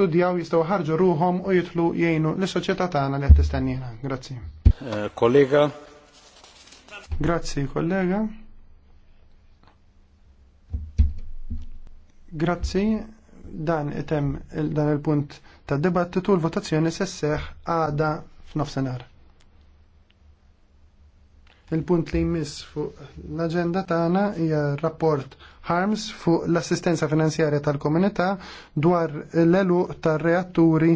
jistudjaw jistgħu ħarġu ruhom u jitlu jgħinu lis soċjetà tagħna li qed tistennina. Grazzi. Eh, kollega. Grazzi, kollega. Grazzi dan item dan il-punt ta' dibattitu l-votazzjoni se sseħħ għada f'nofsenar. Il-punt li jmiss fuq l-agenda tagħna hija rapport Harms fuq l-assistenza finanzjarja tal-komunità dwar l-elu tar-reatturi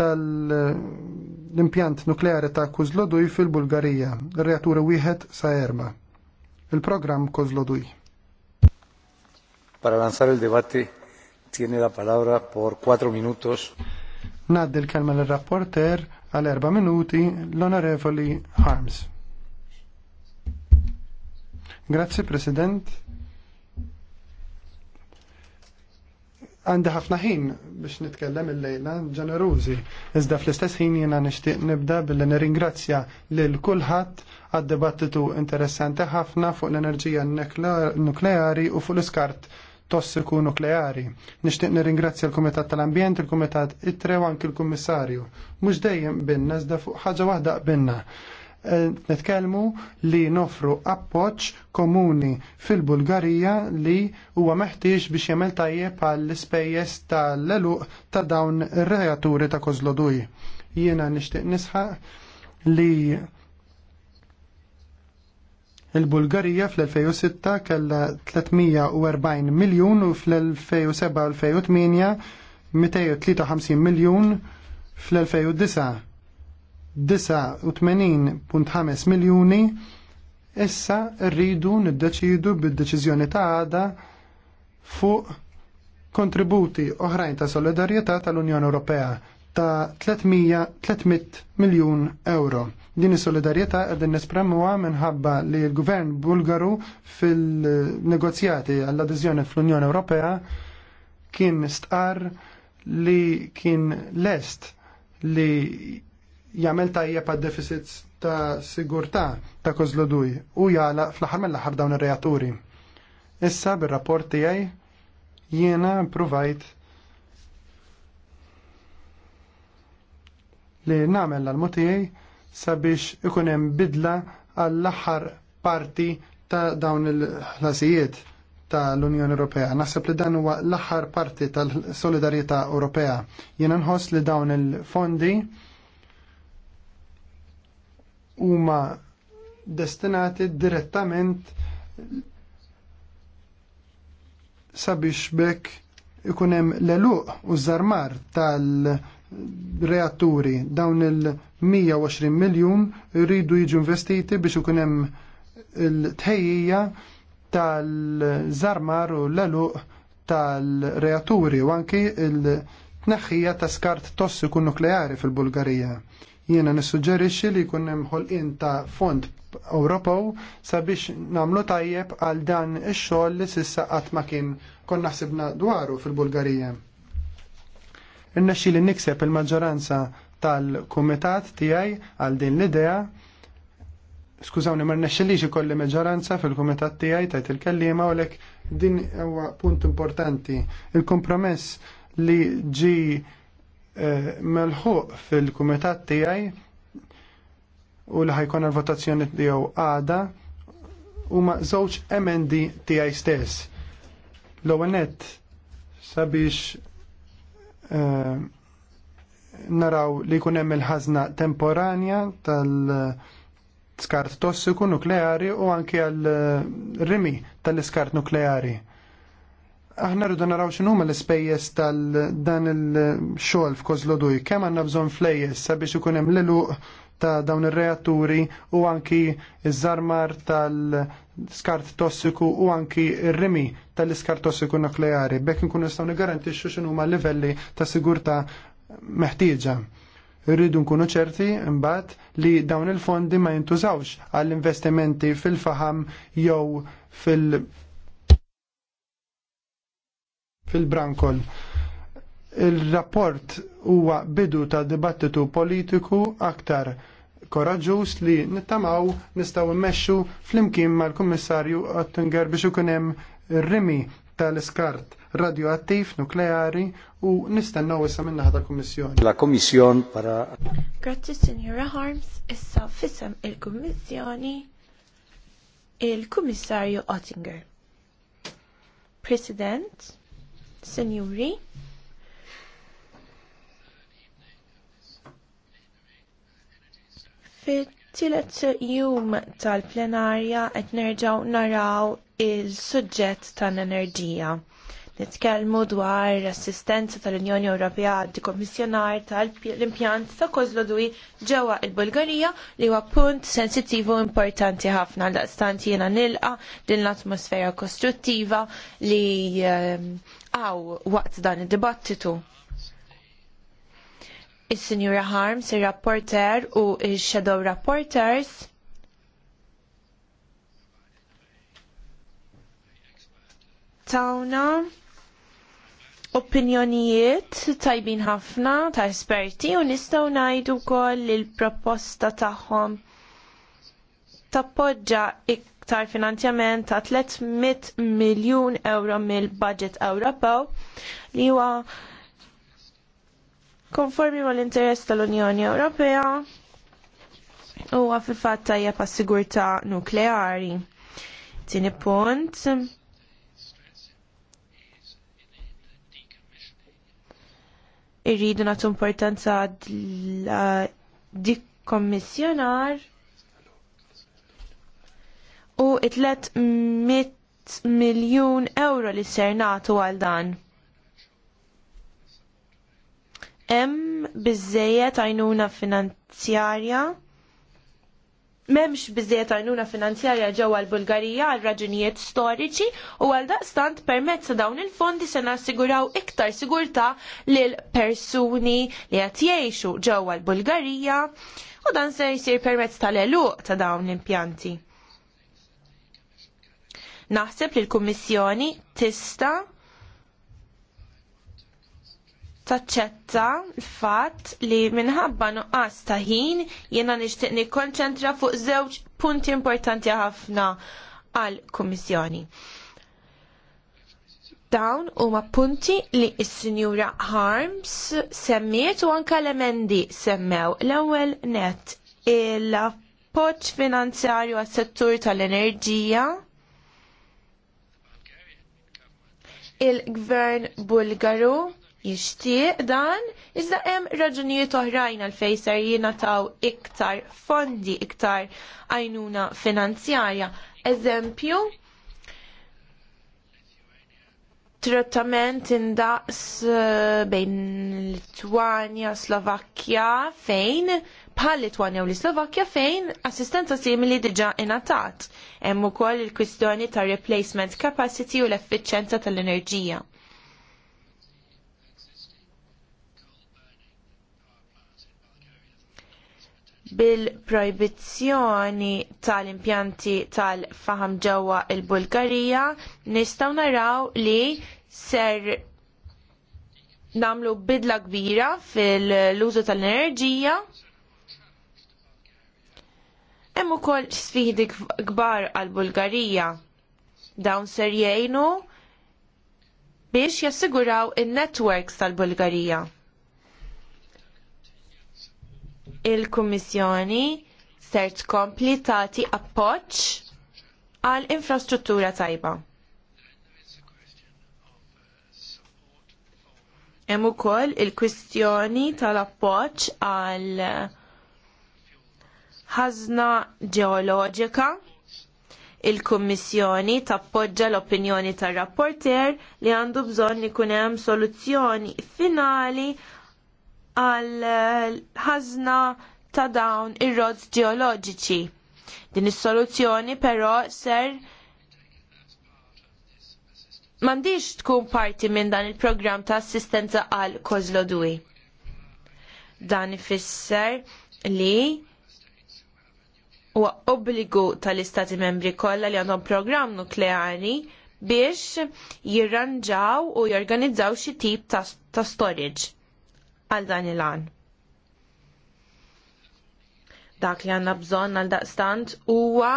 tal-impjant nukleari ta' Kozloduj fil-Bulgarija, reatturi wieħed sa' erba. Il-programm Kozloduj. Para lanzar il debate tiene la palabra por 4 minutos. Naddi l-kelma l-rapporter għal erba' minuti l-Onorevoli Harms. Grazzi, President. Għandi ħafna ħin biex nitkellem il-lejla ġenerużi. Iżda fl-istess ħin jiena nixtieq nibda billi nirringrazzja lil kulħadd għad-dibattitu interessanti ħafna fuq l-enerġija nukleari u fuq l-iskart tossiku nukleari. Nishtiq nirringrazzja l-Kumitat tal-Ambjent, il-Kumitat it u anki l-Kummissarju. Mhux dejjem binna iżda fuq ħaġa waħda binna. Eh, netkelmu li nofru appoġġ komuni fil-Bulgarija li huwa meħtieġ biex jagħmel tajjeb għall ispejjeż tal-eluq ta' dawn ir-reaturi ta' Kozloduj. Jiena nixtieq nisħaq li Il-Bulgarija fl-2006 kella 340 miljun u fl-2007 u 2008 253 miljun fl-2009 89.5 miljuni issa rridu niddeċidu bid-deċiżjoni ta' għada fuq kontributi oħrajn ta' solidarjetà tal-Unjoni Ewropea ta' 300 miljun euro. Din is-solidarjetà qegħdin nespremuha minħabba li l-Gvern Bulgaru fil-negozjati għall-adeżjoni fl-Unjoni Ewropea kien stqar li kien lest li jagħmel tajjeb għad deficits ta' sigurtà ta' kozloduj u jala fl-aħħar mill-aħħar dawn ir-reaturi. Issa bir-rapport tiegħi jiena provajt li nagħmel l-mutijaj sabiex ikun hemm bidla għall-aħħar parti ta' dawn il-ħlasijiet ta' l-Unjoni Ewropea. Naħseb li dan huwa l-aħħar parti tal-Solidarjetà Ewropea. Jiena nħoss li dawn il-fondi huma destinati direttament sabiex bekk ikunem l-eluq u zarmar tal-reatturi dawn il-120 miljon rridu jiġu investiti biex ikunem il-tħejja tal-zarmar u l-eluq tal-reatturi u anki il-tneħħija ta' skart tossiku nukleari fil-Bulgarija. Jiena nissuġġerixxi li jkun hemm ħolqien ta' fond Ewropew sabiex nagħmlu tajjeb għal dan ix-xogħol li s'issa qatt ma kien konna ħsibna dwaru fil-Bulgarija. Irnexxi li nikseb il-maġġoranza tal-kumitat tiegħi għal din l-idea Skużawni, ma rnexxilix ikolli maġġoranza fil-kumitat tiegħi tajt il-kellima għalhekk din huwa punt importanti. Il-kompromess li ġi melħuq fil-kumitat tiegħi u li ħajkun l-votazzjoni tiegħu għada huma żewġ MND tiegħi stess. L-ewwel nett sabiex eh, naraw li jkun hemm il-ħażna temporanja tal- skart tossiku nukleari u anke għal rimi tal-iskart nukleari aħna rridu naraw x'inhuma l-ispejjeż tal-dan il-xogħol f'Kozloduj, kemm għandna bżonn flejjes sabiex ikun hemm l-iluq ta' dawn ir-reatturi u anki iż-żarmar tal-skart tossiku u anki r-rimi tal-iskart tossiku nukleari. Bekk nkun nistgħu nigarantixxu x'inhuma livelli ta' sigurtà meħtieġa rridu nkunu ċerti mbagħad li dawn il-fondi ma jintużawx għall-investimenti fil-faham jew fil-, -faham, jew fil fil-Brankol. Il-rapport huwa bidu ta' dibattitu politiku aktar koraġġuż li nittamaw nistaw immexxu flimkien mal-Kummissarju Ottinger biex ikun hemm rimi tal-iskart radioattiv nukleari u nistennaw issa min-naħa tal-Kummissjoni. La Kommissjon para Grazzi Sinjura Harms, issa fissem il-Kummissjoni il-Kummissarju Ottinger. President Senjuri. Fit-tielet jum tal-plenarja qed nerġgħu naraw il-suġġett tal-enerġija. Nitkellmu dwar l assistenza tal-Unjoni Ewropea għad dikommissjonar tal-impjant ta' Kozlodwi ġewwa il-Bulgarija li huwa punt sensittivu importanti ħafna għal daqstant jiena nilqa din l-atmosfera kostruttiva li ehm, għaw waqt dan id-dibattitu. Is-Sinjura Harms, ir-rapporter u il-Shadow Rapporters tawna opinjonijiet tajbin ħafna ta' esperti u nistgħu ngħidu wkoll il-proposta tagħhom tappoġġa iktar finanzjament ta' 300 miljun euro mill-budget Ewropew li huwa konformi mal interess tal-Unjoni Ewropea huwa fil-fatt tajjeb għas-sigurtà nukleari. Tieni punt, irridu nagħtu importanza dik kommissjonar u itlet mit miljun euro li ser nagħtu għal dan. Hemm biżejjed għajnuna finanzjarja memx bizziet għajnuna finanzjarja ġewwa l-Bulgarija għal raġunijiet storiċi u għal daqstant permezz dawn il-fondi se nassiguraw iktar sigurtà lil persuni li qed jgħixu ġewwa l-Bulgarija u dan se jsir permezz tal-eluq ta' dawn l-impjanti. Naħseb li l-Kummissjoni tista' taċċetta l-fatt li minħabba nuqqas ta' ħin jiena nixtieq nikkonċentra fuq żewġ punti importanti ħafna għall kummissjoni Dawn huma punti li s-Sinjura Harms semmiet u anke l-emendi semmew l-ewwel net il-appoġġ finanzjarju għas-settur tal-enerġija il-Gvern Bulgaru jixtieq dan, iżda hemm raġunijiet oħrajn għal fejser jingħataw iktar fondi, iktar għajnuna finanzjarja. Eżempju, trattament indaqs eh, bejn Litwanja, Slovakkja, fejn bħal Litwanja u l-Slovakkja fejn assistenza simili diġa ingħatat. Hemm ukoll il-kwistjoni tar replacement capacity u l-effiċenza tal-enerġija bil-proibizzjoni tal-impjanti tal-faham ġewwa il-Bulgarija nistgħu naraw li ser namlu bidla kbira fil-użu tal-enerġija Hemm ukoll sfidi kbar għall bulgarija Dawn ser jgħinu biex jassiguraw in networks tal-Bulgarija il-Kummissjoni ser tkompli tagħti appoġġ għal infrastruttura tajba. Hemm ukoll il-kwistjoni tal-appoġġ għal ħażna ġeoloġika il-Kummissjoni tappoġġa l-opinjoni tar-rapporter li għandu bżonn ikun hemm soluzzjoni finali għal eh, ħazna ta' dawn ir-rods ġeoloġiċi. Din is-soluzzjoni però ser mandiġ tkun parti minn dan il-programm ta' assistenza għal kozlo dwi. Dan ifisser li huwa obbligu tal-istati membri kollha li għandhom programm nukleari biex jirranġaw u jorganizzaw xi tip ta, ta storage għal dan il-għan. Dak li għanna bżon għal daqstant huwa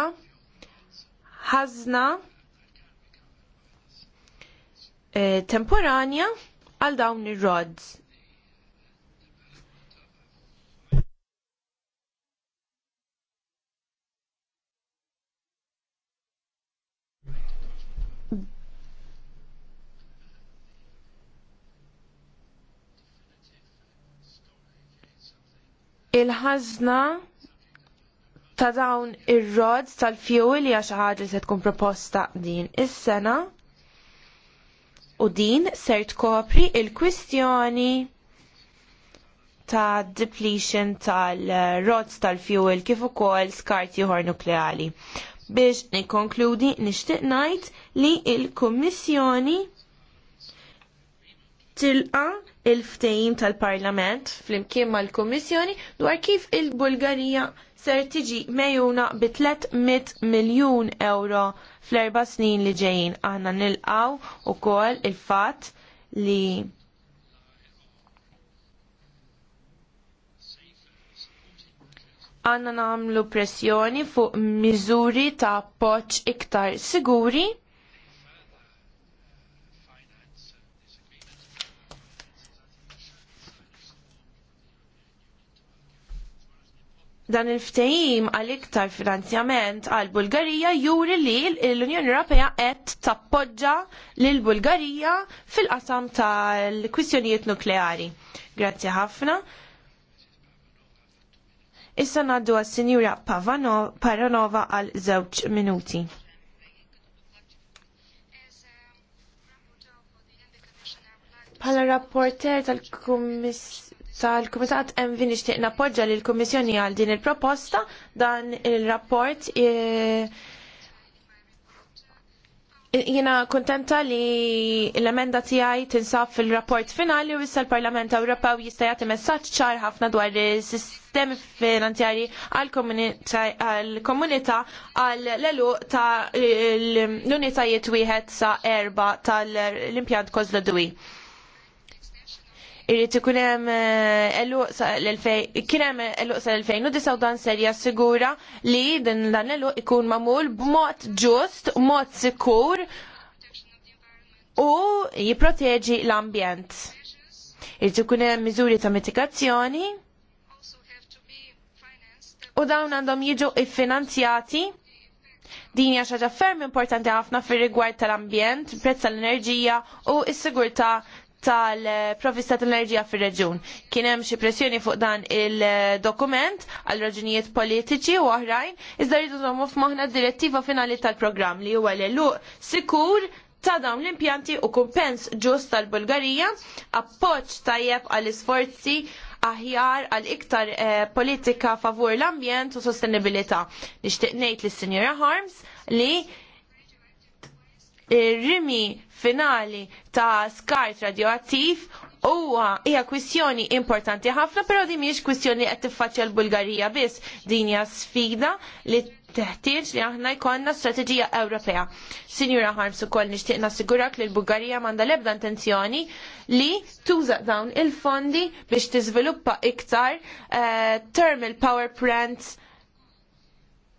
ħazna eh, temporanja għal dawn ir-rods il-ħazna ta' dawn ir-rods tal-fjuwil hija xi ħaġa li se tkun proposta din is-sena u din ser tkopri il-kwistjoni ta' depletion tal-rods tal-fjuwil kif ukoll skart ieħor nukleali. Biex nikkonkludi nixtieq ngħid li l-Kummissjoni tilqa il-ftejim tal-Parlament flimkien mal-Kummissjoni dwar kif il-Bulgarija ser tiġi mejuna bi 300 miljun euro fl-erba snin li ġejjin. Aħna nilqaw ukoll il-fatt li għanna namlu pressjoni fuq miżuri ta' poċ iktar siguri dan il-ftehim għal iktar finanzjament għal Bulgarija juri li l-Unjoni Ewropea qed tappoġġa lil Bulgarija fil-qasam tal-kwistjonijiet nukleari. Grazzi ħafna. Issa ngħaddu għas-Sinjura Paranova għal żewġ minuti. Pala rapporter tal-Kummissjoni tal-Kumitat MV nixtieq nappoġġa l kummissjoni għal din il-proposta dan il-rapport e, jiena kontenta li l-emenda tiegħi tinsab fil-rapport finali u issa l-Parlament Ewropew jista' jagħti messaġġ ċar ħafna dwar is-sistemi finanzjarji għall komunità għal l ta' l-unitajiet wieħed sa' erba tal-impjant dwi irrit ikun hemm eh, eluqsa l-2000 kien hemm eluqsa l-2009 u dan serja jassigura li din dan eluq ikun magħmul b'mod ġust, mod sikur u jipproteġi l-ambjent. Irid ikun hemm miżuri ta' mitigazzjoni u dawn għandhom jiġu iffinanzjati Din hija xaġa ferm importanti ħafna fir rigward tal-ambjent, prezz tal-enerġija u s-sigurtà tal-provista tal-enerġija fir-reġjun. Kien hemm xi pressjoni fuq dan il-dokument għal raġunijiet politiċi u oħrajn, iżda rridu nagħmlu f'moħħna d-direttiva finali tal-programm li huwa l-eluq sikur ta' dawn l-impjanti u kumpens ġust tal-Bulgarija, appoġġ tajjeb għall isforzi aħjar għal iktar eh, politika favur l-ambjent u sostenibilità. Nixtieq ngħid lis-Sinjora Harms li ir-rimi finali ta' skart radioattiv huwa hija kwistjoni importanti ħafna, però din mhijiex kwistjoni qed tiffaċċja l-Bulgarija biss, din hija sfida li teħtieġ li aħna jkollna strateġija Ewropea. Sinjura Harms ukoll nixtieq nassigurak li l-Bulgarija m'għandha l-ebda intenzjoni li tuża dawn il-fondi biex tiżviluppa iktar uh, thermal power plants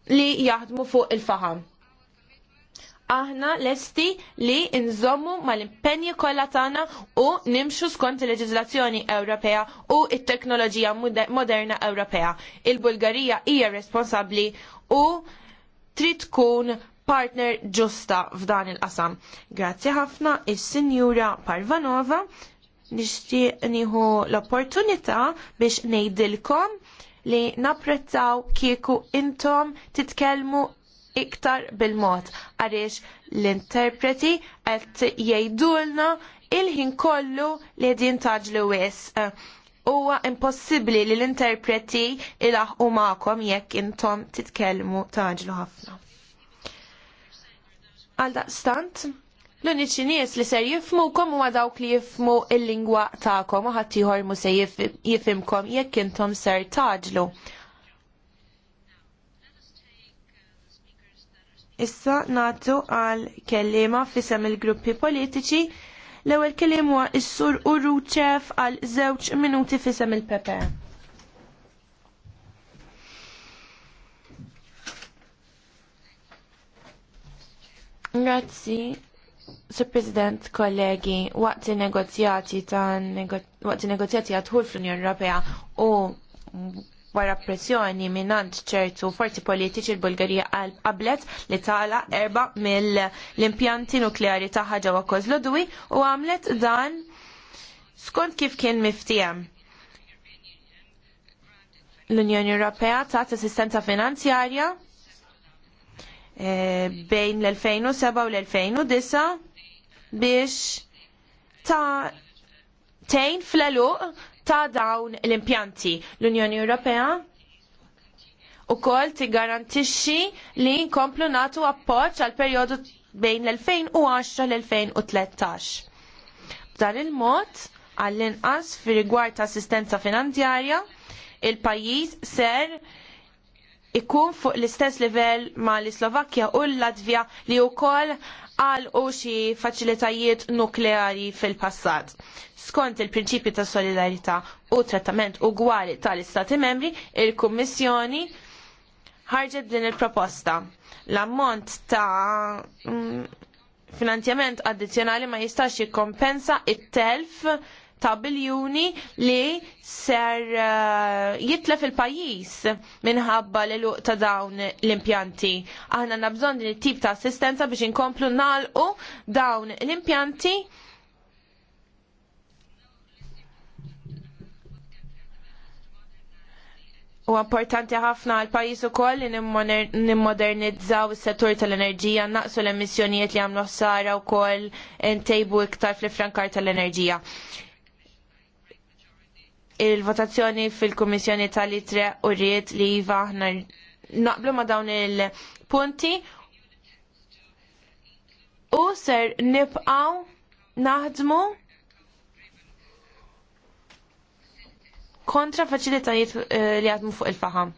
li jaħdmu fuq il-faham aħna lesti li nżommu mal-impenji kollha tagħna u nimxu skont il-leġiżlazzjoni Ewropea u t teknoloġija moderna Ewropea. Il-Bulgarija hija responsabbli u trid tkun partner ġusta f'dan il-qasam. Grazzi ħafna is-Sinjura Parvanova nixtieq nieħu l-opportunità biex ngħidilkom li napprezzaw kieku intom titkellmu iktar bil-mod għaliex l-interpreti qed jgħidulna il-ħin kollu li din taġlu wisq huwa impossibbli li l-interpreti u maqom jekk intom titkellmu taġlu ħafna. Għal stant, l-uniċi nies li ser kom u dawk li jifmu il-lingwa tagħkom u ħattijħor mu se jifimkom jekk intom ser taġlu. Issa natu għal kellima fisem il-gruppi politiċi l-ewwel kellim huwa s-sur Uruċef għal żewġ minuti fisem il-Pepe. Grazzi, Sir President, kollegi, waqt negozjati ta' negozjati għadħul fl-Unjoni Ewropea u wara pressjoni minant ċertu forzi politiċi l-Bulgarija qablet li tala erba mill-impjanti nukleari taħħa ġewwa Kozlodwi u għamlet dan skont kif kien miftiem. L-Unjoni Ewropea tat assistenza finanzjarja eh, bejn l-2007 u l-2009 biex ta' tejn fl-eluq ta' dawn l-impjanti. L-Unjoni Ewropea u kol ti li jkomplu natu appoċ għal periodu bejn l-2010 l-2013. Dan il-mod, għall-inqas fi rigward ta' assistenza finanzjarja, il-pajjiż ser ikun fuq l-istess livell ma' l-Slovakkja u l-Latvja li wkoll għal u xi faċilitajiet nukleari fil-passat. Skont il-prinċipju ta' solidarità u trattament ugwali tal-Istati membri, il-Kummissjoni ħarġet din il-proposta. L-ammont ta' mm, finanzjament addizzjonali ma jistax jikkompensa it-telf ta' biljuni li ser eh, jitlef il-pajis minħabba li luq ta' dawn l-impjanti. Aħna nabżon din it-tip ta' assistenza biex inkomplu nalqu dawn l-impjanti U importanti ħafna għal pajis u koll li nimmodernizzaw il-settur tal-enerġija, naqsu l-emissjonijiet li għamlu ħsara u koll ntejbu iktar fl-frankar tal-enerġija il-votazzjoni fil-Kummissjoni tal-Itre u rrit li jiva ħna naqblu ma dawn il-punti u ser nipqaw naħdmu kontra faċilitajiet eh, li għadmu fuq il-faham.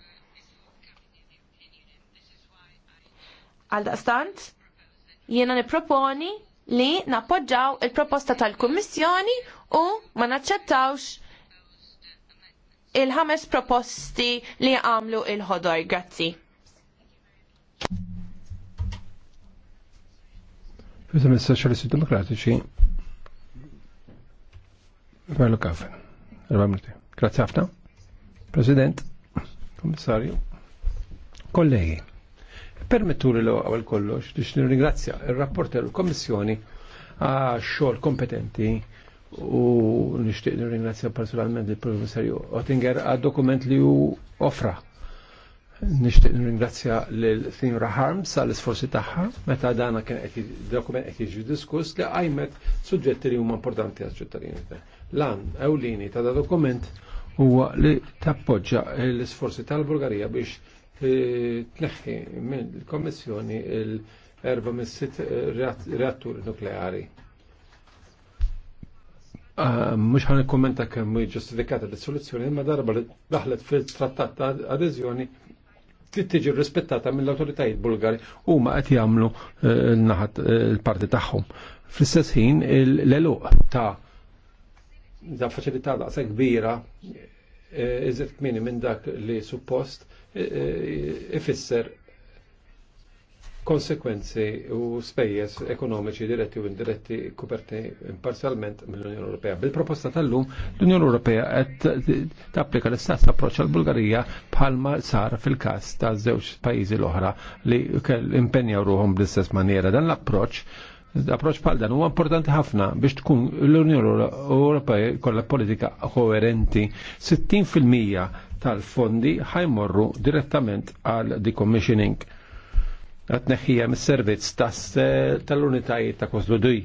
Għaldaqstant, jiena niproponi li nappoġġaw il-proposta tal-Kummissjoni u ma naċċettawx il-ħames proposti li għamlu il-ħodor. Grazzi. Fisem il-Soċjalisti Demokratiċi, Verlu Kafen, Grazie ħafna. President, Komissarju, kollegi, permetturi li l għal kollox biex nirringrazzja il-rapporter u l-Komissjoni għax xogħol kompetenti u nishtiq nirringrazzja personalment il-Professorju Ottinger għad dokument li hu ofra. Nishtiq nirringrazzja lil Thinra Harms għall isforzi tagħha meta dana kien qed dokument qed jiġi diskuss li qajmet suġġetti li huma importanti għaċ-ċittadini. Lan ewlieni ta' da dokument huwa li tappoġġa l-isforzi tal-Bulgarija biex eh, tneħħi mill-Kommissjoni l erba mis-sitt reatturi nukleari Ah, Mux ħan kommenta kemm ġustifikata l-soluzzjoni, ma darba li daħlet fil-trattat ta' adeżjoni trid tiġi rispettata mill-awtoritajiet Bulgari huma qed jagħmlu eh, naħat il-parti eh, tagħhom. Fl-istess ħin l-eluq ta' da faċilità sa' kbira eh, iżet kmini minn dak li suppost ifisser konsekwenzi u spejjeż ekonomiċi diretti u indiretti kuperti parzjalment mill-Unjoni Ewropea. Bil-proposta tal-lum, l-Unjoni Ewropea qed tapplika l-istess approċċ għall Bulgarija bħalma sar fil-każ ta' żewġ pajjiżi l-oħra li impenjaw ruhom bl-istess maniera. Dan l-approċċ L-approċ pal dan huwa importanti ħafna biex tkun l-Unjoni Ewropea kollha politika koerenti. 60% tal-fondi ħajmorru direttament għal decommissioning għatneħija mis-servizz eh, tal-unitajiet ta' kosluduj.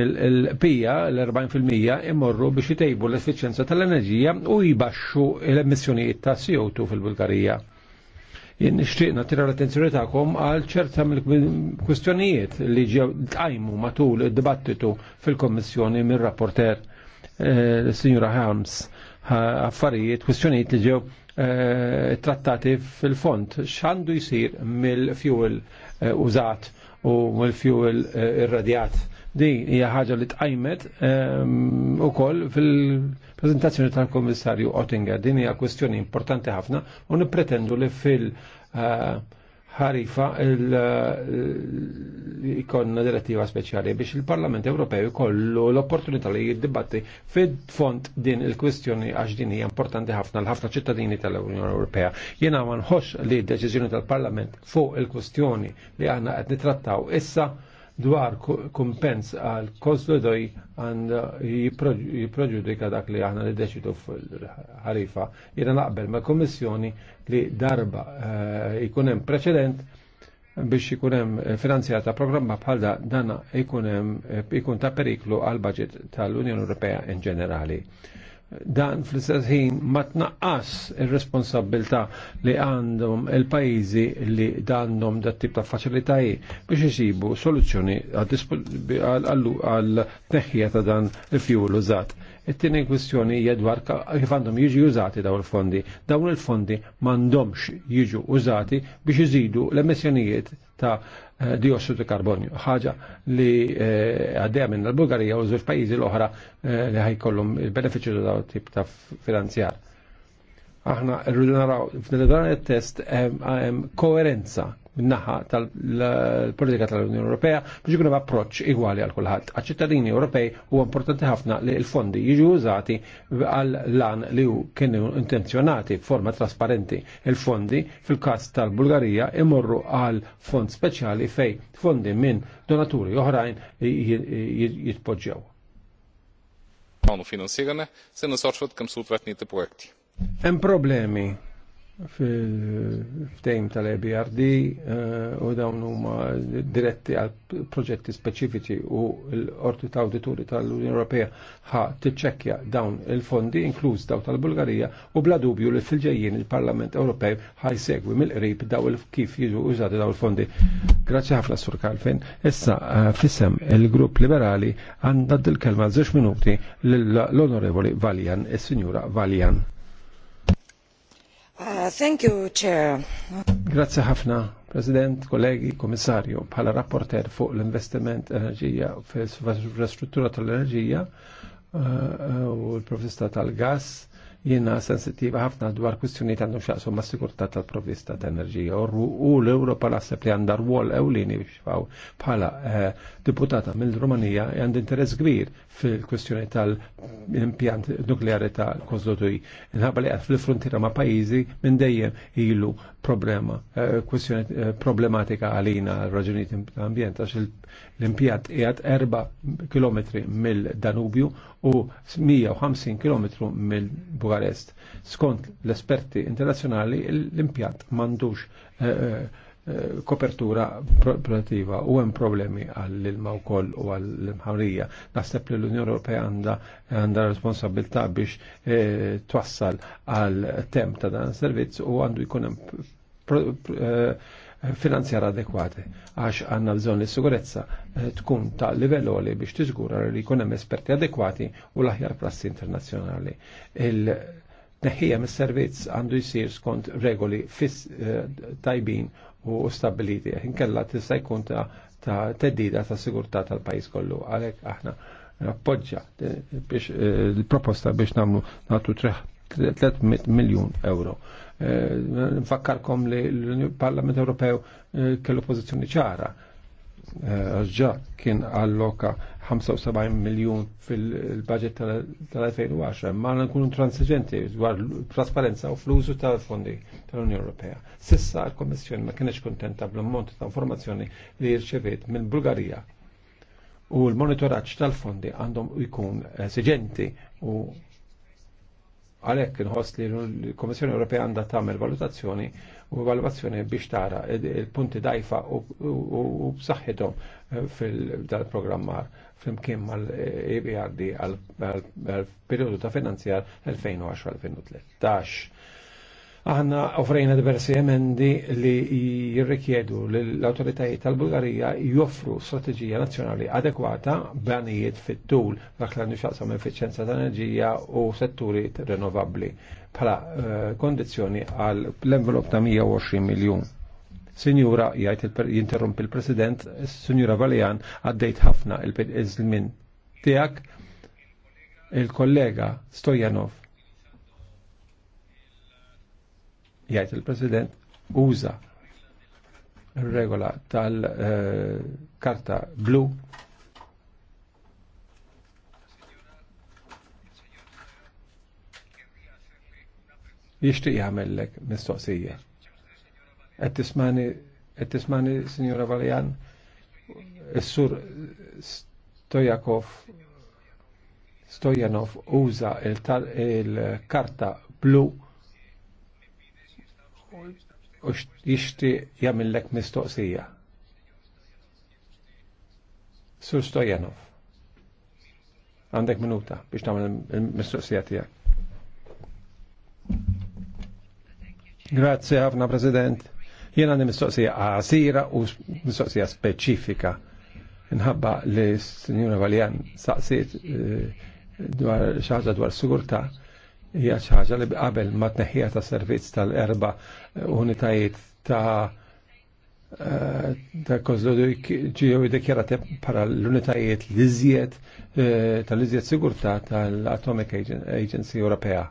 Il-pija, l-40% imorru biex jitejbu l-efficienza tal-enerġija u jibaxxu l-emissjonijiet ta' CO2 fil-Bulgarija. Jien nixtieqna tira l-attenzjoni tagħkom għal ċerta mill-kwistjonijiet li ġew tqajmu matul id-dibattitu fil-Kommissjoni mir-rapporter eh, sinjura Hams affarijiet, kwistjonijiet li ġew eh, trattati fil-fond x'għandu jsir mill-fuel Eh, użat u mill-fuel eh, irradjat. Din hija ħaġa li tqajmet ehm, ukoll fil-preżentazzjoni tal-Kummissarju Ottinger. Din hija kwestjoni importanti ħafna u nippretendu li fil- uh, ħarifa ikonna direttiva speċjali biex il-Parlament Ewropew kollu l-opportunità li jiddibatti fid-font din il-kwistjoni għax din hija importanti ħafna l-ħafna ċittadini tal-Unjoni Ewropea. Jiena ma nħoss li d-deċiżjoni tal-Parlament fuq il-kwistjoni li aħna qed nitrattaw issa dwar kumpens għal Kozlodoj għand jiproġudika dak li għahna li deċitu f ħarifa Jena naqbel ma' komissjoni li darba jkunem eh, preċedent biex jkunem finanzjata programma bħal da dana jkunem ikun ta' periklu għal budget tal-Unjoni Ewropea in ġenerali dan fl-istess ħin ma tnaqqas ir-responsabilità li għandhom il-pajjiżi li għandhom dat tip ta' faċilitajiet biex isibu soluzzjoni għal teħja ta' dan il-fjul użat. It-tieni kwistjoni hija dwar kif għandhom jiġu użati dawn il-fondi. Dawn il-fondi m'għandhomx jiġu użati biex iżidu l-emissjonijiet ta' eh, diossidu ta' karbonju. ħaġa li eh, għaddeja minn l-Bulgarija u żewġ l-oħra eh, li ħajkollhom il-benefiċċju ta' tip ta' finanzjar aħna rridu naraw f'dan il-test koerenza minnaħa tal-politika tal-Unjoni Ewropea biex ikun approċċ igwali għal kulħadd. Għaċ-ċittadini Ewropej huwa importanti ħafna li l-fondi jiġu użati għal lan li hu kienu intenzjonati forma trasparenti. Il-fondi fil-każ tal-Bulgarija imorru għal fond speċjali fej fondi minn donaturi oħrajn jitpoġġew. Għanu finanzirane, se sorfot kem sutvetni t-projekti. Hemm problemi fil-ftejm tal-EBRD eh, u dawn huma diretti għal proġetti speċifiċi u l-Orti ta' Awdituri tal-Unjoni Ewropea ħa tiċċekkja dawn il-fondi inkluż daw tal-Bulgarija u bla dubju li fil-ġejjin il-Parlament Ewropew ħajsegwi mill-qrib daw kif jiġu użati daw il-fondi. Grazzi ħafna Sur Kalfin. Issa eh, fissem il-Grupp Liberali għandha il-kelma 10 minuti l-Onorevoli Valjan, il sinjura Valjan. Uh, thank you, Chair. Grazie ħafna, President, kollegi, komissarju, bħala rapporter fuq l-investiment enerġija fil-infrastruttura tal-enerġija uh, uh, u l-profista tal-gas jiena sensittiva ħafna dwar kwistjoni ta' nuxaqsu ma' sigurta tal-provvista ta' enerġija u l-Europa naħseb li għandha rwol ewlieni biex bħala eh, deputata mill-Rumanija e għand interess kbir fil-kwistjoni tal-impjant nukleari ta' Kozloduj. Inħabba li għad fil frontira ma' pajjiżi minn dejjem ilu problema, eh, kwistjoni eh, problematika għalina raġunijiet ta' ambjent għax l-impjant qiegħed 4 km mill-Danubju u 150 km mill-Bugarija Bukarest. Skont l-esperti internazzjonali l-impjant mandux eh, eh, eh, kopertura protettiva u hemm problemi għall-ilma wkoll u għall-imħawrija. Naħseb li l-Unjoni Ewropea għandha għandha responsabilità biex twassal għal tem ta' dan servizz u għandu jkun hemm finanzjar adekwati għax għanna bżon li sigurezza eh, tkun ta' livello li biex tiżgura li jkun hemm esperti adekwati u l-aħjar prassi internazzjonali. Il neħija mis servizz għandu jisir skont regoli fis eh, tajbin u stabiliti. Inkella tista' jkun ta' teddida ta' sigurtà tal-pajjiż kollu. Għalhekk aħna appoġġa eh, biex il-proposta biex nagħmlu nagħtu 300 miljun euro Eh, nfakkarkom li l-Parlament Ewropew eh, kellu pożizzjoni ċara. Ġġa eh, kien alloka 75 miljon fil-budget tal-2010, ma nkunu transigenti dwar trasparenza u fl-użu tal-fondi tal-Unjoni Ewropea. Sissa l-Kommissjoni ma kienx kontenta bl-ammont ta' informazzjoni li rċevet minn Bulgarija u l-monitoraċ tal-fondi għandhom ikun siġenti u Għalhekk inħoss li l komissjoni Ewropea għandha tagħmel valutazzjoni u valutazzjoni biex tara il-punti dajfa u b'saħħithom eh, fil-programmar flimkien mal-EBRD għal periodu ta' finanzjar 2010-2013. Aħna offrejna diversi emendi li jirrikjedu li l-autoritajiet tal-Bulgarija joffru strategija nazzjonali adekwata banijiet fit-tul dak li għandu xaqsam effiċenza ta' enerġija u setturi rinnovabbli bħala eh, kondizzjoni għal l-envelop ta' 120 miljun. Sinjura, jgħajt jinterrompi il-President, Sinjura Valian għaddejt ħafna il-żmin tijak il-kollega Stojanov jgħid il-President uża regola tal-karta eh, blu jishtiq jgħamellek mistoqsija. Et tismani signora Valjan s sur Stojakov Stojanov uża il-karta blu u jixti jamillek mistoqsija. Sur Stojanov, għandek minuta biex tamil il-mistoqsija tiegħek. Grazie ħafna President. Jena għandi mistoqsija għasira u mistoqsija specifika. Nħabba li s-Sinjura Valjan saqsiet eh, dwar xaħġa dwar sigurta' hija xi ħaġa li qabel ma tneħħiha ta' servizz tal-erba' unitajiet ta' eh, ta' kozlodu ġew dikjarati para l-unitajiet l-iżjed eh, tal-iżjed sigurta tal-Atomic Agency Ewropea.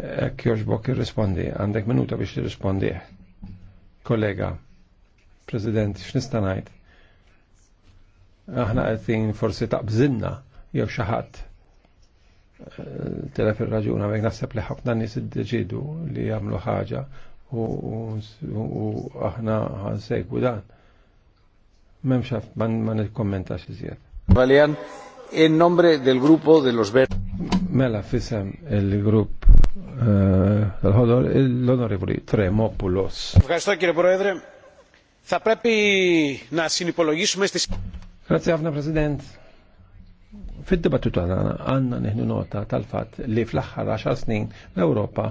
Ekk joġbok irrispondi, għandek minuta biex tirrispondi. Kollega, prezident, x'nista' ngħid? Aħna qed forsi taqbżinna jew xi ħadd tela fil-raġuna għek nasab li ħafna nis id deġidu li jamlu ħaġa u aħna għansegwu dan. Memx ma nikkommentax xizjed. Valjan, in nombre del gruppo de los Verdi. Mela fissem il-grupp eh, l ħodor l-onorevoli Tremopulos. Ευχαριστώ kire Πρόεδρε. Θα πρέπει να συνυπολογίσουμε στις... Grazie, Avna Presidente. Fid-dibattu tagħna għandna neħnu nota tal-fatt li fl-aħħar 10 snin l-Ewropa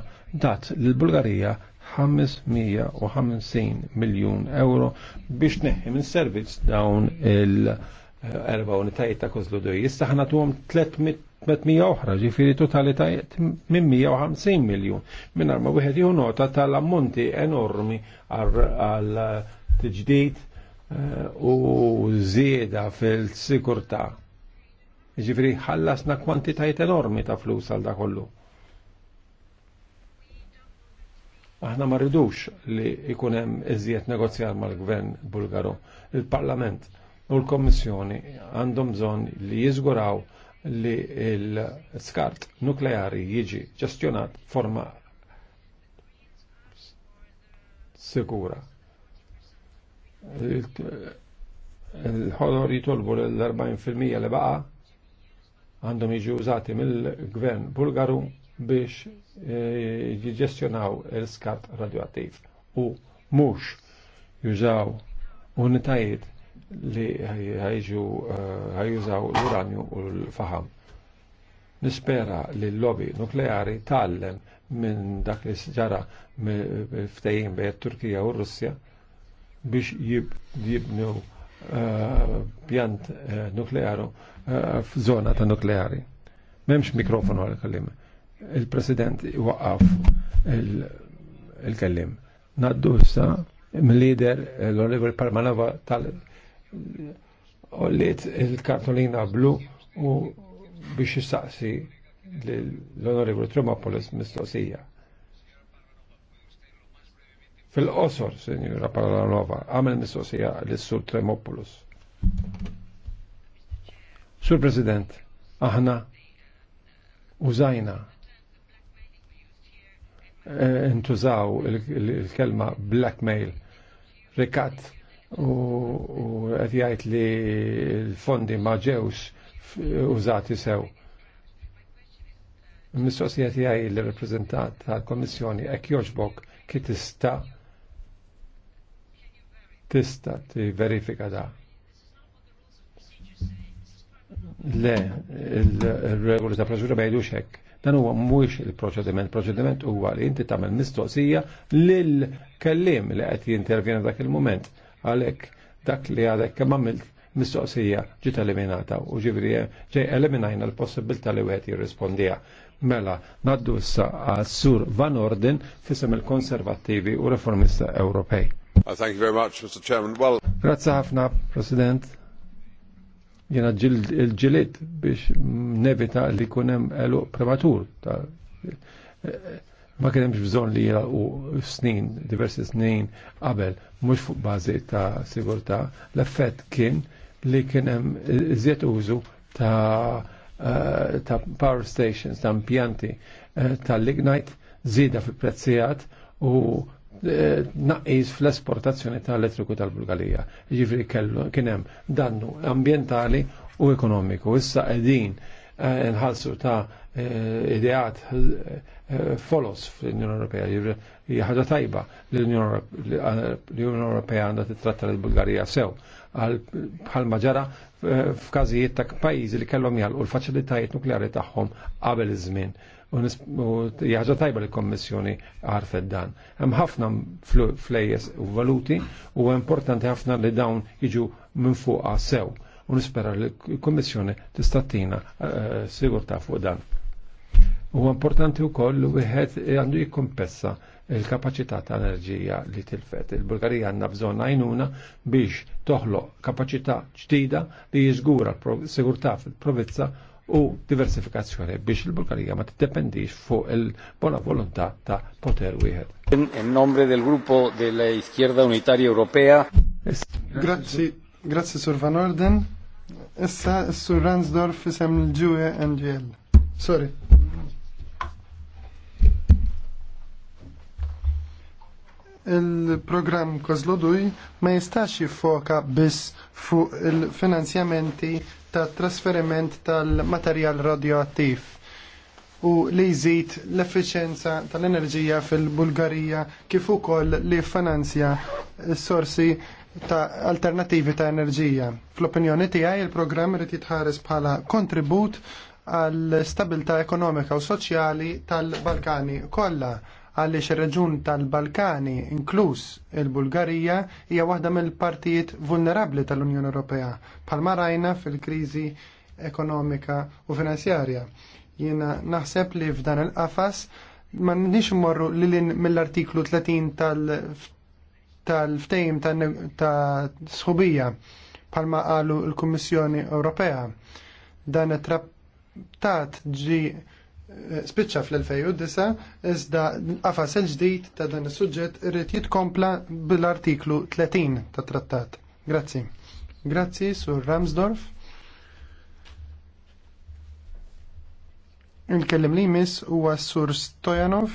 dat lill-Bulgarija 550 miljun euro biex neħi minn servizz dawn il- erba unitajiet ta' kozludu. Issa ħana tuhom 300 oħra, ġifiri totali ta' 150 miljon. Minn arma wieħed jew nota tal-ammonti enormi għal tiġdid eh, u zieda fil-sikurta Ġifri ħallasna kwantitajt enormi ta' flus għal da kollu. Aħna ma rridux li ikunem iżjed negozjar mal-gvern Bulgaru. Il-Parlament u l-Kommissjoni għandhom bżonn li jiżguraw li l-skart nukleari jiġi ġestjonat forma sikura. Il-ħodor jitolbu l-40% li baqa' għandhom iġu użati mill-gvern Bulgaru biex e, jiġestjonaw il-skat radioattiv u mux jużaw unitajiet li ħajġu e, ħajjużaw l-uranju u l-faham. Nispera li l-lobby nukleari tallem minn dak li s ġara ftejjim bejn Turkija u Russja biex jibnew jib Eh, pjant eh, nuklearu eh, f'żona ta' nukleari. Memx mikrofonu għal-kellim. Il-president waqaf il-kellim. Naddu sa mill-lider l-Oliver Parmanova tal- Ollit il-kartolina blu u biex jistaqsi l-Onorevole Tremopolis mistoqsija. Fil-qosor, Senjura Paranova, għamel mistoqsija l-Sur Tremopoulos. Sur President, aħna użajna intużaw eh, il-kelma blackmail, rikat u qed jgħid li l-fondi ma ġewx użati sew. Mistoqsija tiegħi l-rappreżentant tal-Kommissjoni hekk jogħġbok kitista tista' tista verifika da. Le, il-regoli ta' proċedura ma jgħidux hekk. Dan huwa mhuwiex il-proċediment, il-proċediment huwa li inti tagħmel mistoqsija lil kellim li qed jintervjena dak il-mument. Għalhekk dak li għadek kemm għamilt mistoqsija ġiet eliminata u ġifri ġej eliminajna l-possibilità li wieħed jirrispondiha. Mela, naddu issa għas-sur Van Orden fisem il-Konservattivi u Reformista Ewropej. Uh, thank you very much, Mr. Chairman. Well... Grazie ħafna, President. Jena il-ġilit biex nevita li kunem elu prematur. Eh, ma kienem bżon li jela u snin, diversi snin qabel, mux fuq bazi ta' sigurta. L-effett kien li kienem zjet użu ta' eh, ta' power stations, ta' impjanti eh, tal-lignite, zida fil-prezzijat u naqis fl-esportazzjoni tal-elettriku tal-Bulgarija. Ġifri kienem dannu ambientali u ekonomiku. Issa edin eh, nħalsu ta' eh, ideat eh, folos fl-Unjoni Ewropea. Ħaġa tajba l-Unjoni Ewropea għandha titratta l-Bulgarija sew bħal maġara f'każijiet ta' pajjiżi li kellhom jgħalqu l-faċilitajiet nukleari tagħhom qabel iż-żmien u jaġa tajba li kommissjoni għarfet dan. Hemm ħafna flejes u valuti u importanti ħafna li dawn jiġu minn fuq sew u nispera li l-Kommissjoni tistattina eh, ta' fuq dan. U importanti u koll li wieħed għandu jikkompessa il-kapacità ta' enerġija li tilfet. Il-Bulgarija għandna bżonn għajnuna biex toħloq kapacità ġdida li jiżgura s-sigurtà fil-provizza u diversifikazzjoni biex il-Bulgarija ma t-dependix fuq il-bona volontà ta' poter wieħed. In nombre del gruppo della Izquierda Unitaria Europea. Grazzi, grazzi Sur Van Orden. Issa Sur Ransdorf isem l ġue NGL. Sorry. il-programm Kozloduj ma jistax jiffoka bis fu il-finanzjamenti ta' trasferiment tal-materjal radioattiv u li jżid l effiċjenza tal-enerġija fil-Bulgarija kif ukoll li finanzja sorsi ta' alternativi ta' enerġija. Fl-opinjoni tiegħi il-programm irid jitħares bħala kontribut għall stabilità ekonomika u soċjali tal-Balkani kollha għaliex ir-reġun tal-Balkani, inkluż il-Bulgarija, hija waħda mill-partijiet vulnerabbli tal-Unjoni Ewropea, bħalma rajna fil-kriżi ekonomika u finanzjarja. Jiena naħseb li f'dan il-qafas ma nix morru lilin mill-artiklu 30 tal-ftejm tal ta' sħubija bħalma qalu l-Kummissjoni Ewropea. Dan it-trattat ġi spiċċa fl-2009 iżda qafas il-ġdid ta' dan is-suġġett irid jitkompla bil-artiklu 30 ta' trattat. Grazzi. Grazzi sur Ramsdorf. Il-kellim li jmiss huwa sur Stojanov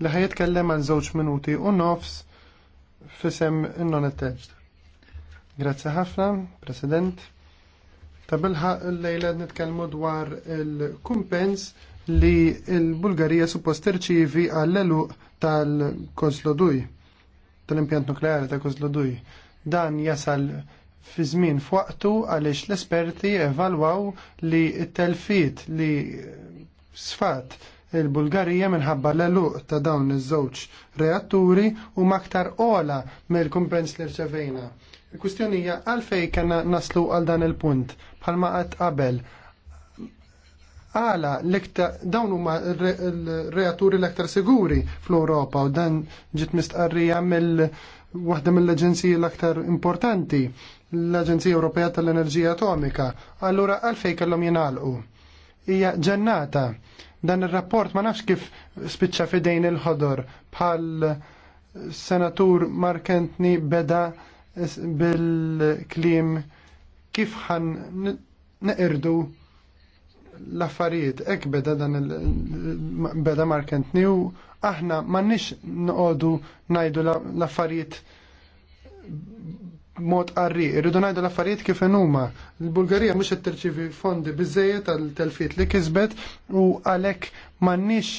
li ħajitkellem għal żewġ minuti u nofs fisem non attached. Grazzi ħafna, President. Ta' bilħaq l-lejla nitkellmu dwar il-kumpens li l-Bulgarija suppost terċivi għall-eluq tal-Kozloduj, tal-impjant nukleari ta' Kozloduj. Dan jasal fi żmien f'waqtu għaliex l-esperti evalwaw li t-telfit li sfat il-Bulgarija minħabba l-eluq ta' dawn iż-żewġ reatturi u maktar ola mill-kumpens li rċevejna. Il-kustjonija għalfej kena naslu għal dan il-punt bħalma qatt qabel għala dawn huma l reaturi l-aktar siguri fl-Europa u dan ġit mistqarrija mill waħda mill-aġenziji l-aktar importanti, l-Aġenzija Ewropea tal-Enerġija Atomika. Allura għalfej kellhom jingħalqu. Hija ġennata. Dan ir-rapport ma nafx kif spiċċa fidejn il-ħodor bħal senatur Markentni beda bil-klim kif ħan neqirdu l-affarijiet ek beda dan il beda Markent New aħna m'għandniex għodu ngħidu l-affarijiet mod qarri, irridu ngħidu l-affarijiet kif huma. Il-Bulgarija mhux qed terċivi fondi biżejjed tal-telfit li kizbet u għalhekk m'għandniex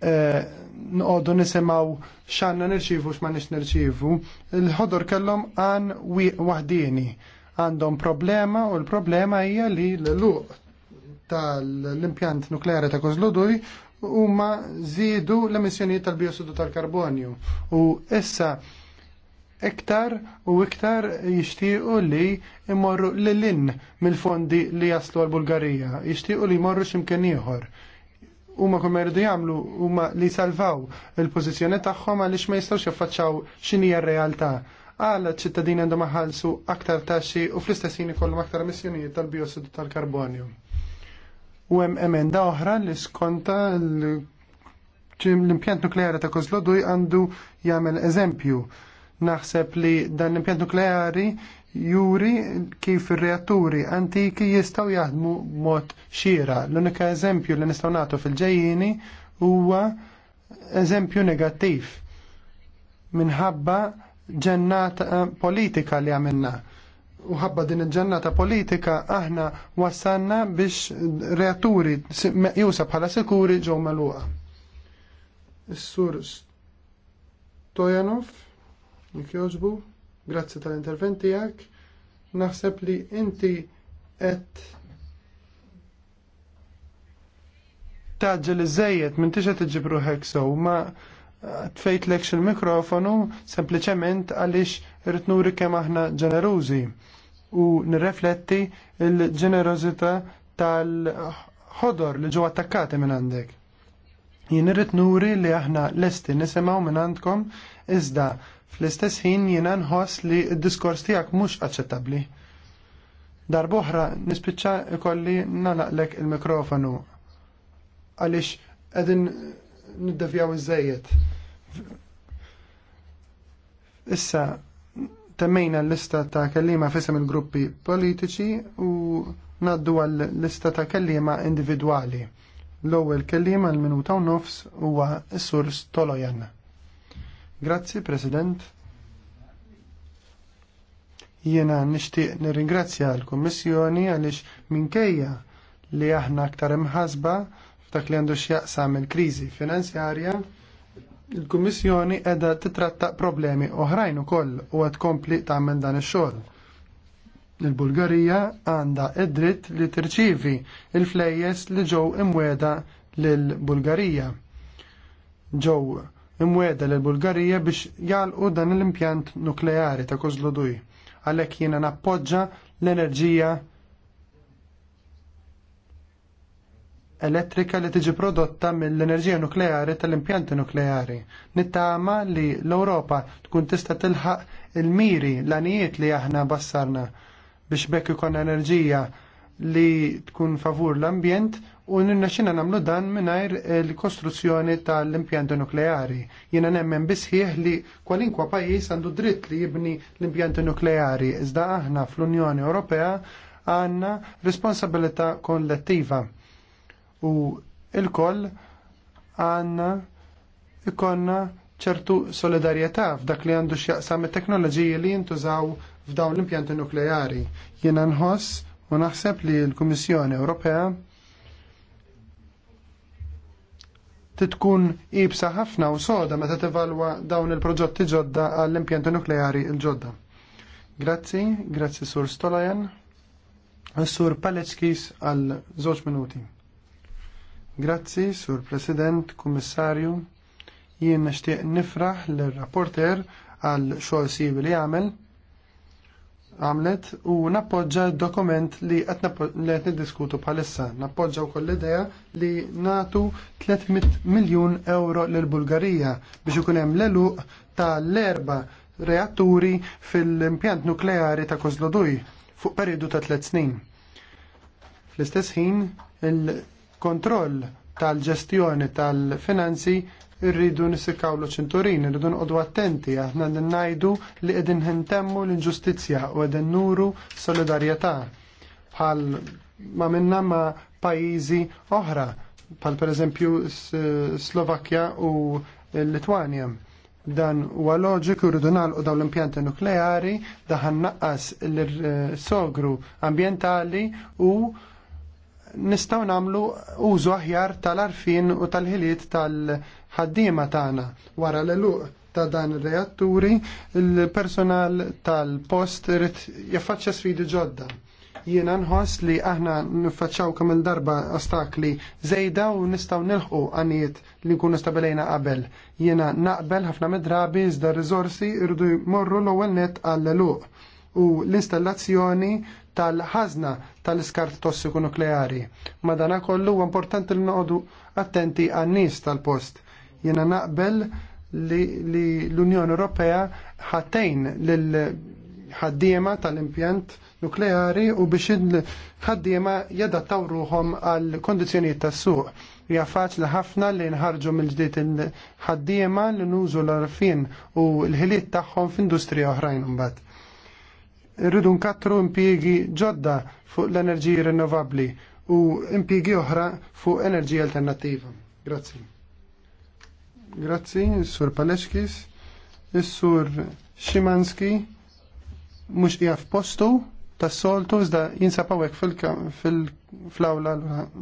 għodu eh, nisimaw xanna nirċivu x'ma nix nirċivu. Il-ħodor kellhom għan waħdini għandhom problema u l-problema hija li l-luq tal-impjant nukleari ta' Kozloduj huma żiedu l-emissjonijiet tal-biossidu tal-karbonju u issa iktar u iktar jixtiequ li imorru l-lin mill-fondi li jaslu għal-Bulgarija, jixtiequ li jmorru x'imkien ieħor. Huma kum jridu jagħmlu huma li salvaw il-pożizzjoni tagħhom għaliex ma jistgħux jaffaċċaw x'inhi r-realtà. Għala ċittadini għandhom ħalsu aktar taxxi u fl-istessin ikollhom aktar emissjonijiet tal-biossidu tal-karbonju u hemm emenda oħra li skonta l-impjant nukleari ta' Kozloduj għandu jagħmel eżempju. Naħseb li dan l-impjant nukleari juri kif ir-reatturi antiki jistgħu jaħdmu mod xira. L-unika eżempju li nistgħu nagħtu fil-ġejjini huwa eżempju negattiv minħabba ġennata politika li għamilna uħabba din il-ġannata politika aħna wassalna biex reatturi meqjusa bħala sikuri ġew maluqa. Is-sur Stojanov, nikjoġbu, grazzi tal-intervent tiegħek. Naħseb li inti qed taġġel iż-żejjed minn tixa tiġi bruħek sew ma' tfejt lekx il-mikrofonu sempliciment għalix rritnuri kem aħna ġenerużi u nirrefletti il-ġenerozita tal-ħodor li ġu attakkati minn għandek. Jien rritnuri li aħna lesti nisimaw minn għandkom iżda fl-istess ħin jiena nħoss li d-diskors tiegħek mhux aċċettabbli. Darboħra nispiċċa ikolli nalaqlek il-mikrofonu għaliex qegħdin niddevjaw iż-żejjed. Issa temmejna l-lista ta' kellima fisem il-gruppi politiċi u naddu għall lista ta' kellima individwali. L-ewwel kellima l-minuta u nofs huwa s surs Tolojan. Grazzi, President. Jiena nixtieq nirringrazzja l-Kummissjoni għaliex minkejja li aħna aktar imħasba dak li għandu x'jaqsam il-kriżi finanzjarja, il-Kummissjoni qiegħda titratta problemi oħrajn ukoll u qed tkompli tagħmel dan il-xol. Il-Bulgarija għandha id-dritt li tirċivi il-flejjes li ġew imweda lill-Bulgarija. Ġew imweda lill-Bulgarija biex jgħalqu dan l-impjant nukleari ta' Kozloduj. Għalhekk jiena nappoġġa l-enerġija elettrika li tiġi prodotta mill-enerġija nukleari tal-impjanti nukleari. Nittama li l-Europa tkun tista' tilħaq il-miri l-anijiet li aħna bassarna biex bekk ikon enerġija li tkun favur l-ambjent u nirnaxina namlu dan minnajr l-kostruzzjoni tal-impjanti nukleari. Jena nemmen bisħieħ li kwalinkwa pajis għandu dritt li jibni l-impjanti nukleari, iżda aħna fl-Unjoni Ewropea għanna responsabilità kollettiva u il-koll għanna ikonna ċertu solidarjetà f'dak li għandu x'jaqsam it-teknoloġiji li jintużaw f'dawn l-impjanti nukleari. Jena nħoss u naħseb li l-Kummissjoni Ewropea titkun ibsa ħafna u soda meta tevalwa dawn il-proġetti ġodda għall-impjanti nukleari l-ġodda. Grazzi, grazzi Sur Stolajan, Sur Paleckis għal żewġ minuti. Grazzi, Sur President, Kummissarju. Jien nixtieq nifraħ l-rapporter għal xogħol sibi li għamel għamlet u nappoġġa dokument li qed niddiskutu bħalissa. Nappoġġa wkoll l-idea li natu 300 miljun euro lil Bulgarija biex ikun hemm l-eluq ta' l-erba reatturi fil-impjant nukleari ta' Kozloduj fuq periodu ta' tliet snin. Fl-istess ħin kontroll tal-ġestjoni tal-finanzi irridu nisikawlu ċinturin, irridu nqodu attenti, aħna n-najdu li edin hintemmu l-inġustizja u edin nuru solidarieta bħal ma minna ma pajizi oħra, bħal per eżempju Slovakkja u Litwanja. Dan huwa loġiku rridu nagħlqu dawn l-impjanti nukleari daħan naqqas l-sogru ambientali u nistaw namlu użu aħjar tal-arfin u tal-ħiliet tal ħaddiema tagħna wara l-eluq ta' dan ir-reatturi, il-personal tal-post irid jaffaċċja sfidi ġodda. Jiena nħoss li aħna niffaċċaw kemm il-darba ostakli żejda u nistgħu nilħu għanijiet li nkunu stabilejna qabel. Jiena naqbel ħafna midrabi iżda r-riżorsi irdu jmorru l-ewwel net għall-eluq u l-installazzjoni tal ħażna tal-iskart tossiku nukleari. Madana kollu huwa importanti li noqogħdu attenti għan-nies tal-post. Jiena naqbel li, l-Unjoni Ewropea ħattejn lil ħaddiema tal-impjant nukleari u biex il-ħaddiema jadattaw ruħom għal kondizjoniet tas suq Hija faċli ħafna li nħarġu mill ġdiet il-ħaddiema li nużu l-arfin u l-ħiliet tagħhom f'industrija oħrajn mbagħad. Irridu nkattru impjiegi ġodda fuq l-enerġiji rinnovabbli u impjiegi oħra fuq enerġija alternattiva. Grazzi. Grazzi, Sur Paleskis, Sur Szymanski, mhux qiegħ postu tas-soltu iżda jinsabawek fil-flawla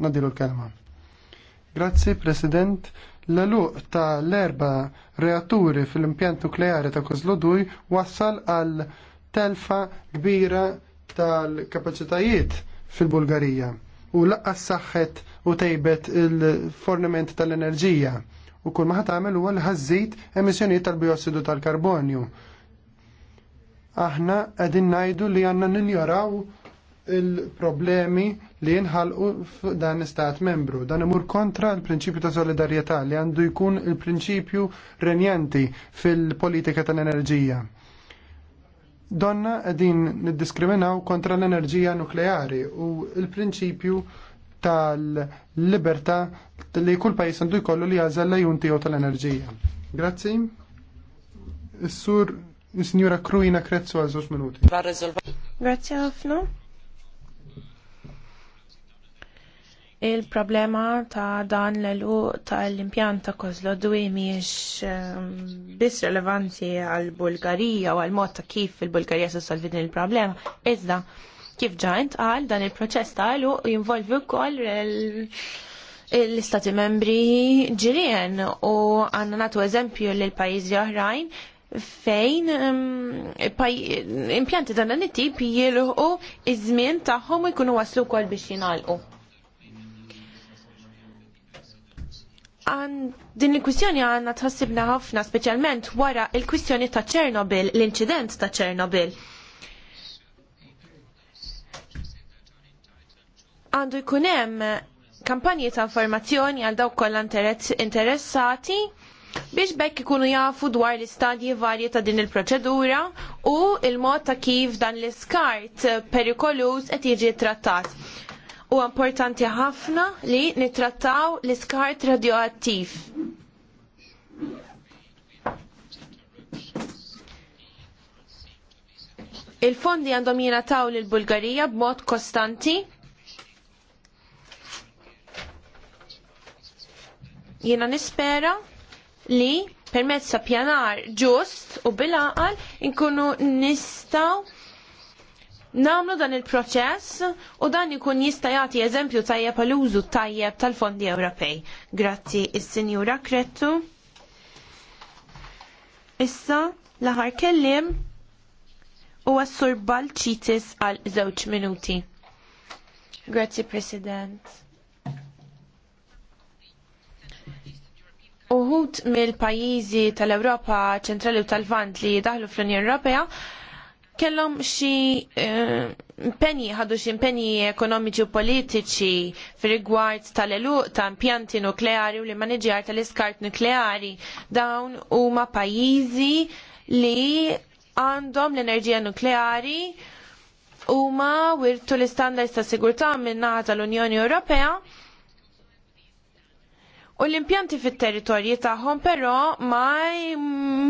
nadilu l-kelma. Grazzi, President. L-eluq ta' l-erba reatturi fil-impjant nukleari ta' Kozloduj wassal għal telfa kbira tal-kapacitajiet fil-Bulgarija u laqqas saħħet u tejbet il fornament tal-enerġija u kull maħat għamel huwa l ħazzit emissjoniet tal-biossidu tal-karbonju. Aħna qegħdin ngħidu li għandna ninjoraw il-problemi li jinħalqu f'dan istat membru. Dan imur kontra l-prinċipju ta' solidarjetà li għandu jkun il-prinċipju renjenti fil-politika tal-enerġija donna qegħdin niddiskriminaw kontra l-enerġija nukleari u l-prinċipju tal-libertà li kull pajis għandu jkollu li la junti tiegħu tal-enerġija. Grazzi. Is-sur is-Sinjura Kruina Krezzu għal minuti. Grazzi ħafna. Il-problema ta' dan l-eluq ta' l-impjant ta' dwi miex ehm, biss relevanti għal-Bulgarija u għal-mod ta' kif il-Bulgarija s-solvi din il-problema, iżda kif ġajnt għal dan il-proċess ta' eluq jinvolvi wkoll l-istati membri ġirien u għanna natu eżempju l-pajizi oħrajn fejn ehm, impjanti dan it-tip jilħu iż-żmien tagħhom ikunu waslu wkoll biex jingħalqu. din il-kwistjoni għanna tħassibna ħafna speċjalment wara il-kwistjoni ta' Ċernobil, l-inċident ta' Ċernobil. Għandu jkun hemm kampanji ta' informazzjoni għal dawk kollha interessati biex bekk ikunu jafu dwar l-istadji varji ta' din il-proċedura u il-mod ta' kif dan l-iskart perikolus qed jiġi trattat. U importanti ħafna li nitrattaw l-iskart radioattiv. Il-fondi għandhom jingħataw lill bulgarija b'mod kostanti Jiena nispera li permezz ta' pjanar ġust u bil-għaqal inkunu nistaw namlu dan il-proċess u dan ikun jista' jagħti eżempju tajjeb għal użu tajjeb tal-fondi Ewropej. Grazzi is-Sinjura Krettu. Issa l-aħar kellim u għassur bal-ċitis għal żewġ minuti. Grazzi President. Uħut mill pajjiżi tal ewropa ċentrali u tal-Vant li daħlu fl-Unjoni Ewropea kellhom xi eh, impenji ħadu xi impenji ekonomiċi u politiċi fir-rigward tal-eluq ta' impjanti nukleari u li maniġjar tal-iskart nukleari dawn huma pajjiżi li għandhom l-enerġija nukleari huma wirtu l-istandards ta' sigurtà min-naħa tal-Unjoni Ewropea U l-impjanti fit-territorji tagħhom però ma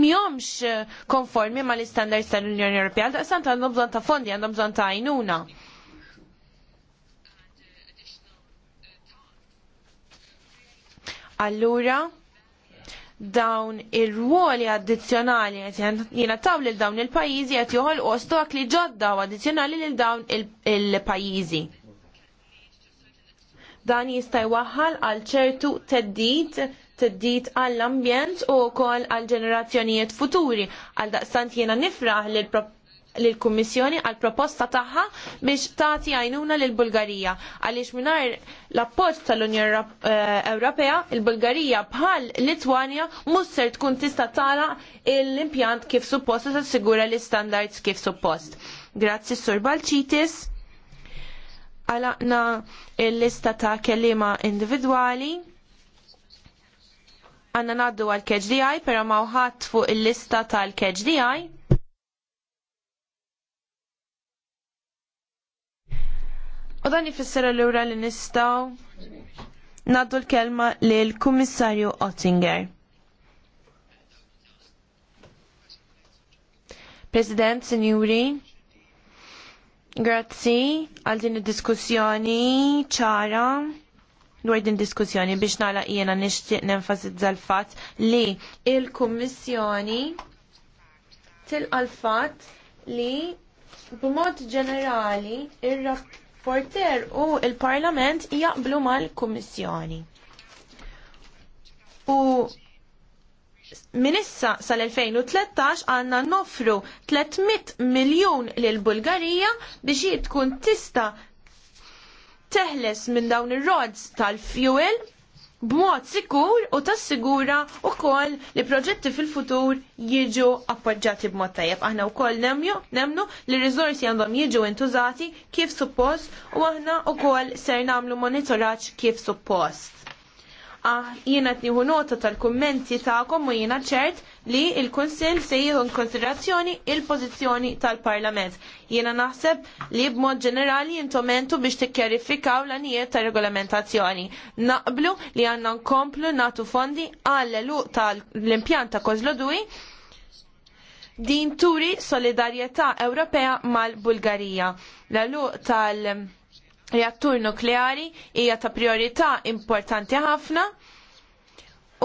jomx konformi mal istandards tal-Unjoni Ewropea, daqsant għandhom bżonn ta' fondi, għandhom bżonn ta' għajnuna. Allura, dawn ir-ruoli addizzjonali qed taw lil dawn il-pajjiżi qed joħolqu li ġodda u addizzjonali lil dawn il-pajjiżi. il pajjiżi Dan jista' jwaħħal għal ċertu teddit teddit għall-ambjent u wkoll għall ġenerazzjonijiet futuri. Għal daqstant jiena nifraħ lill kummissjoni għal proposta tagħha biex tagħti għajnuna lil Bulgarija għaliex mingħajr l-appoġġ tal-Unjoni eh, Ewropea il-Bulgarija bħal Litwanja mhux ser tkun tista' tara l-impjant kif suppost u tassigura l-istandards kif suppost. Grazzi Sur Balċitis għalaqna il-lista ta' kellima individuali. Għanna naddu għal KGDI, pero mawħat fuq il-lista tal-KHDI. U dan jifisser l-ura li nistaw naddu l-kelma l-Kummissarju Ottinger. President, Signori, Grazzi għal din id-diskussjoni ċara dwar din diskussjoni biex nara jiena nixtieq nenfasizza l-fatt li il-Kummissjoni tilqa l-fatt li b'mod ġenerali ir-rapporter u l parlament jaqblu mal-Kummissjoni. U minissa sal-2013 għanna nofru 300 miljon lil bulgarija biex jitkun tkun tista teħles minn dawn ir-rods tal-fuel b'mod sikur u tassigura u kol li proġetti fil-futur jiġu appoġġati b'mod tajjeb. Aħna u kol nemnu li rizorsi għandhom jiġu intużati kif suppost u aħna u kol ser namlu monitoraċ kif suppost. Ah, jiena tniħu nota tal-kummenti ta'kom u jiena ċert li il-Kunsill se jieħu konsiderazzjoni il-pożizzjoni tal-Parlament. Jiena naħseb li b'mod ġenerali jintomentu biex tikkjarifikaw l-anijiet ta' regolamentazzjoni. Naqblu li għandna nkomplu natu fondi għall-elu tal-impjant ta' Kozlodui din turi solidarjetà Ewropea mal-Bulgarija. L-elu tal- reattur nukleari hija ta' priorità importanti ħafna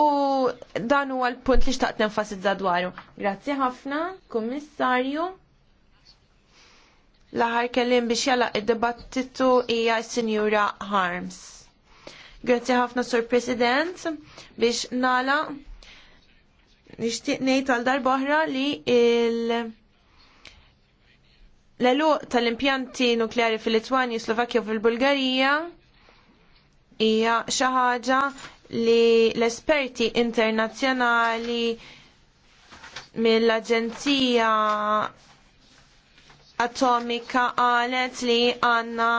u dan huwa l-punt li xtaqt nenfasizza dwaru. Grazzi ħafna, kummissarju. L-aħar kellim biex jala id-dibattitu hija s-Sinjura Harms. Grazzi ħafna, Sur President, biex nala nixtieq ngħid għal darba oħra li il- l għalu tal-impjanti nukleari fil-Litwani, Slovakkja u fil-Bulgarija hija xi ħaġa li l-esperti internazzjonali mill-Aġenzija Atomika qalet li għandna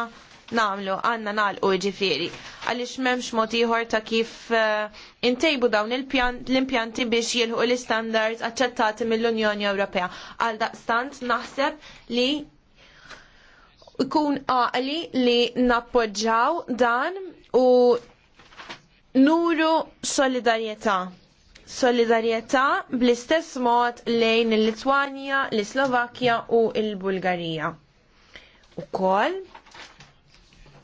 namlu għanna nalqu ġifiri. Għalix memx motiħor ta' kif eh, intejbu dawn l-impjanti biex jilħu l-standards accettati mill-Unjoni Ewropea. Għal daqstant naħseb li ikun għaqli li nappoġġaw dan u nuru solidarieta. Solidarieta bl-istess mod lejn il-Litwanja, l-Slovakkja u l-Bulgarija. U koll,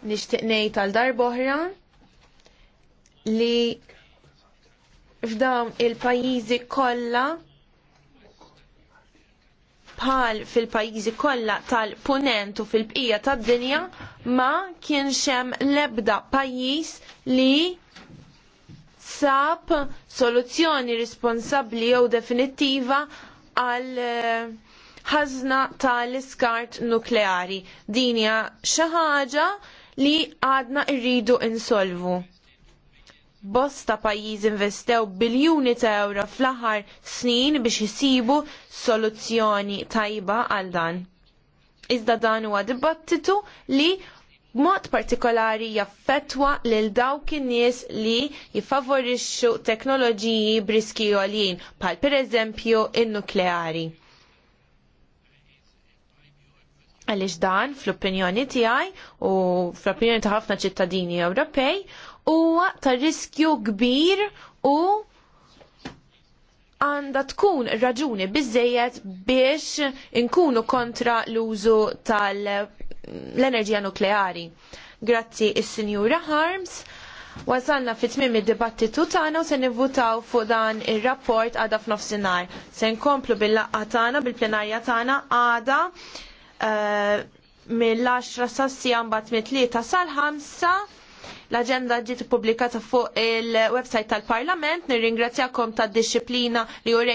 nixtieq ngħid tal darboħra li f'dawn il-pajjiżi kollha bħal fil-pajjiżi kollha tal-punent u fil-bqija tad-dinja ma kienx hemm l-ebda pajjiż li sab soluzzjoni responsabbli jew definittiva għal eh, ħażna tal-iskart nukleari. Dinja xi ħaġa li għadna rridu insolvu. Bosta pajjiż investew biljuni ta' euro fl-aħħar snin biex jisibu soluzzjoni tajba għal dan. Iżda dan huwa dibattitu li b'mod partikolari jaffettwa lil dawk in-nies li jifavorixxu teknoloġiji briski għolin, bħal pereżempju in-nukleari għaliex dan fl-opinjoni tiegħi u fl-opinjoni ta' ħafna ċittadini Ewropej huwa ta' riskju kbir u għanda tkun raġuni biżejjed biex inkunu kontra l-użu tal-enerġija nukleari. Grazzi il sinjura Harms. Wasalna fit tmim id-dibattitu tagħna u se nivvutaw fuq dan ir-rapport għada f'nofsinhar. Se nkomplu bil-laqgħa tagħna bil-plenarja tagħna għada Eh, mill-10 sassi sija mbagħad mit-tlieta sal-5 L-agenda ġiet ippubblikata fuq il-website tal-Parlament. Nirringrazzjakom tad-disciplina li